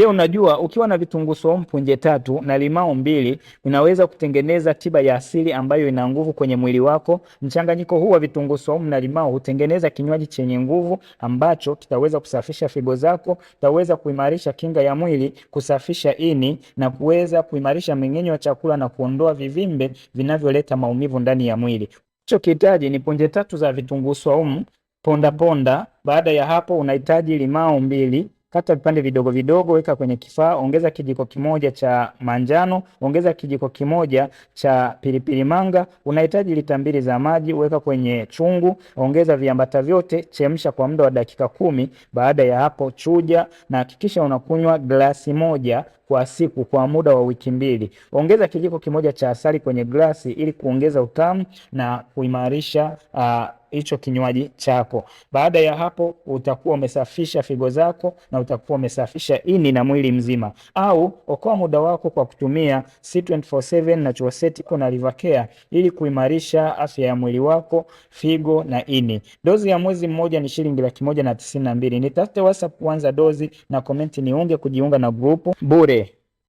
Je, unajua ukiwa na vitunguu saumu punje tatu na limao mbili unaweza kutengeneza tiba ya asili ambayo ina nguvu kwenye mwili wako? Mchanganyiko huu wa vitunguu saumu na limao hutengeneza kinywaji chenye nguvu ambacho kitaweza kusafisha figo zako, kitaweza kuimarisha kinga ya mwili, kusafisha ini na kuweza kuimarisha mmeng'enyo wa chakula na kuondoa vivimbe vinavyoleta maumivu ndani ya mwili. Unachokihitaji ni punje tatu za vitunguu saumu ponda ponda. Baada ya hapo, unahitaji limao mbili Kata vipande vidogo vidogo, weka kwenye kifaa, ongeza kijiko kimoja cha manjano, ongeza kijiko kimoja cha pilipili manga. Unahitaji lita mbili za maji, weka kwenye chungu, ongeza viambata vyote, chemsha kwa muda wa dakika kumi. Baada ya hapo, chuja na hakikisha unakunywa glasi moja kwa siku kwa muda wa wiki mbili. Ongeza kijiko kimoja cha asali kwenye glasi ili kuongeza utamu na kuimarisha uh, hicho kinywaji chako. Baada ya hapo, utakuwa umesafisha figo zako na utakuwa umesafisha ini na mwili mzima. Au okoa muda wako kwa kutumia C247 Naturoceutical na livakea ili kuimarisha afya ya mwili wako, figo na ini. Dozi ya mwezi mmoja ni shilingi laki moja na tisini na mbili. Nitafute WhatsApp kuanza dozi na komenti niunge kujiunga na grupu bure.